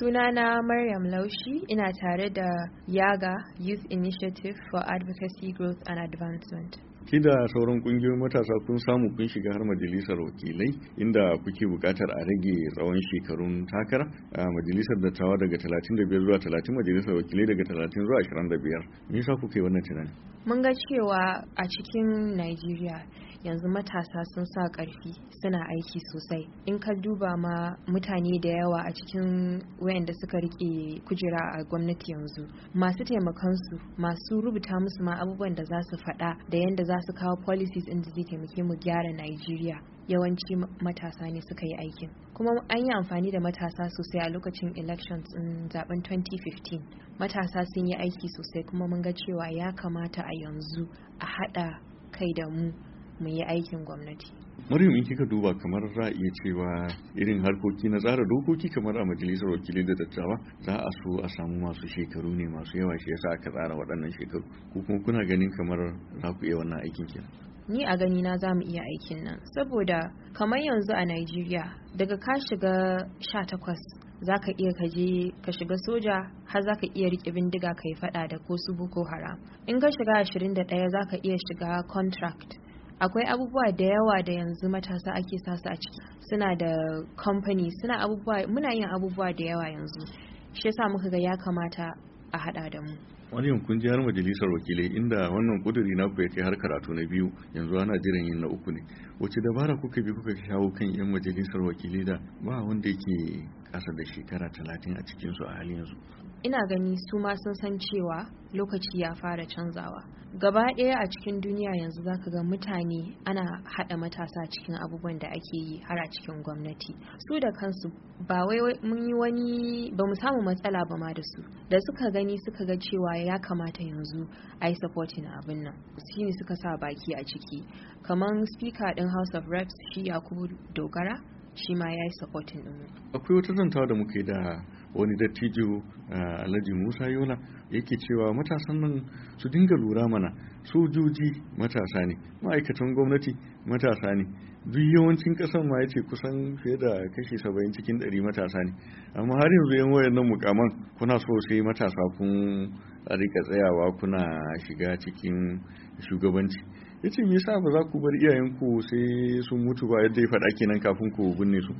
Sunana Maryam Laushi ina tare da Yaga Youth Initiative for Advocacy Growth and Advancement. Ki da sauran kungiyoyin matasa kun samu kun shiga har majalisar wakilai inda kuke buƙatar a rage tsawon shekarun takara a majalisar dattawa daga 35 zuwa 30 majalisar wakilai daga 30 zuwa 25. Me yasa kuke wannan tunani? Mun ga cewa a cikin Najeriya yanzu matasa sun sa ƙarfi suna aiki sosai. In ka duba ma mutane da yawa a cikin wayanda suka rike kujera a gwamnati yanzu masu taimakansu masu rubuta musu ma abubuwan da za su faɗa da yanda za za su kawo policies ɗin da zai taimake mu gyara Najeriya yawanci matasa ne suka yi aikin kuma an yi amfani da matasa sosai a lokacin elections in zaben 2015 matasa sun yi aiki sosai kuma mun ga cewa ya kamata a yanzu a haɗa kai da mu mu yi aikin gwamnati Maryam in kika duba kamar za iya cewa irin harkoki na tsara dokoki kamar a majalisar wakilai da dattawa za a so a samu masu shekaru ne masu yawa shi yasa aka tsara waɗannan shekaru ko kuma kuna ganin kamar za ku iya wannan aikin kenan. Ni a gani na zamu iya aikin nan saboda kamar yanzu a Najeriya daga ka shiga sha takwas za ka iya ka je ka shiga soja har za ka iya rike bindiga ka yi fada da ko su boko haram in ka shiga 21 za ka iya shiga contract akwai abubuwa da yawa da yanzu matasa ake sasa a ciki suna da company suna abubuwa muna yin abubuwa da yawa yanzu shi yasa muka ga ya kamata a hada da mu wani yankun jihar majalisar wakilai inda wannan kuduri na ya kai har karatu na biyu yanzu ana jiran yin na uku ne wace dabara kuka bi kuka shawo kan yan majalisar wakilai da ba wanda yake Kasa da shekara talatin a cikinsu a halin yanzu ina gani su ma sun san cewa lokaci ya fara canzawa gaba ɗaya a cikin duniya yanzu zaka ga mutane ana haɗa matasa cikin abubuwan da ake yi har a cikin gwamnati su da kansu ba wai mun yi wani ba mu samu matsala ba ma da su da suka gani suka ga cewa ya kamata yanzu a yi supporting abin nan shi ne suka sa baki a ciki kamar speaker din house of reps shi yakubu dogara shi ma ya yi supporting din akwai wata zanta da muke da wani dattijo alhaji musa yola yake cewa matasan nan su dinga lura mana sojoji matasa ne ma'aikatan gwamnati matasa ne duk yawancin kasan ma ya ce kusan fiye da kashi saba'in cikin ɗari matasa ne amma har yanzu yan wayannan mukaman kuna so sai matasa kun rika tsayawa kuna shiga cikin shugabanci ya ce me yasa ba za ku bar iyayenku sai sun mutu ba yadda ya faɗa kenan kafin ku binne su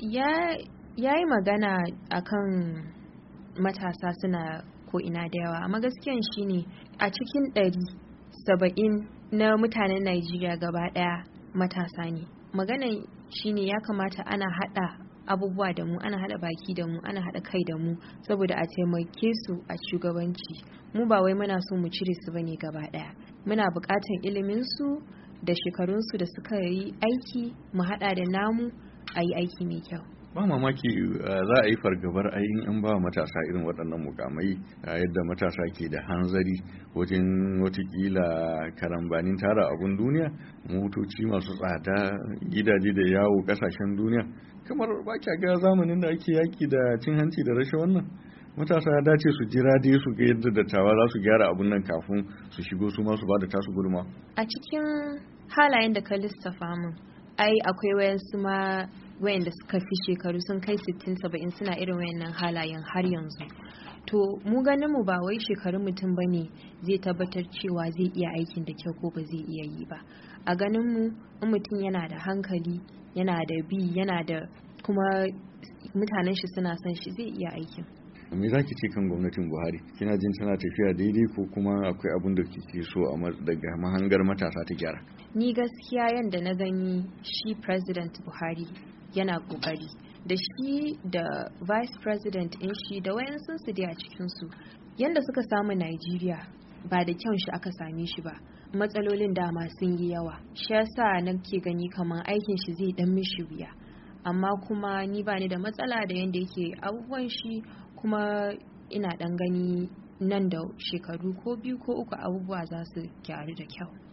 ya yi magana akan matasa suna ko ina da yawa amma gaskiyan shine a cikin ɗari saba'in na mutanen najeriya gaba ɗaya matasa ne maganan shine ya kamata ana haɗa abubuwa da mu ana haɗa baki da mu ana haɗa kai da mu saboda a taimake su a shugabanci mu ba wai muna so mu cire su bane gaba ɗaya muna buƙatar ilimin su da shekarunsu da suka yi aiki mu haɗa da namu a yi aiki mai kyau ba mamaki eh, za a yi fargabar ayin in ba matasa irin waɗannan mukamai yadda matasa ke da hanzari wajen watakila karambanin tara abun duniya motoci masu tsada gidaje da yawo ƙasashen duniya kamar ba ga zamanin da ake yaki da cin hanci da rashin wannan matasa ya dace su jira dai su ga yadda dattawa za su gyara abun nan kafin su shigo su ma su bada tasu gurma a cikin halayen da ka lissafa min ai akwai wayansu ma wayanda suka fi shekaru sun kai 60-70 suna irin wayannan halayen har yanzu to mu ganin mu ba wai shekarun mutum ba ne zai tabbatar cewa zai iya aikin da kyau ko ba zai iya yi ba a ganin mu in mutum yana da hankali yana da bi yana da kuma mutanen shi suna son shi zai iya aikin me za ki ce kan gwamnatin buhari kina jin tana tafiya daidai ko kuma akwai abin da kike so a daga mahangar matasa ta gyara ni gaskiya yadda na gani shi president buhari yana kokari da shi da vice president in shi da wayansun su dai a cikin su yanda suka samu nigeria ba da kyau shi aka same shi ba matsalolin dama sun yi yawa shi yasa nake gani kamar aikin shi zai dan mishi wuya amma kuma ni ba ni da matsala da yanda yake abubuwan shi kuma ina dan gani nan da shekaru ko biyu ko uku abubuwa za su gyaru da kyau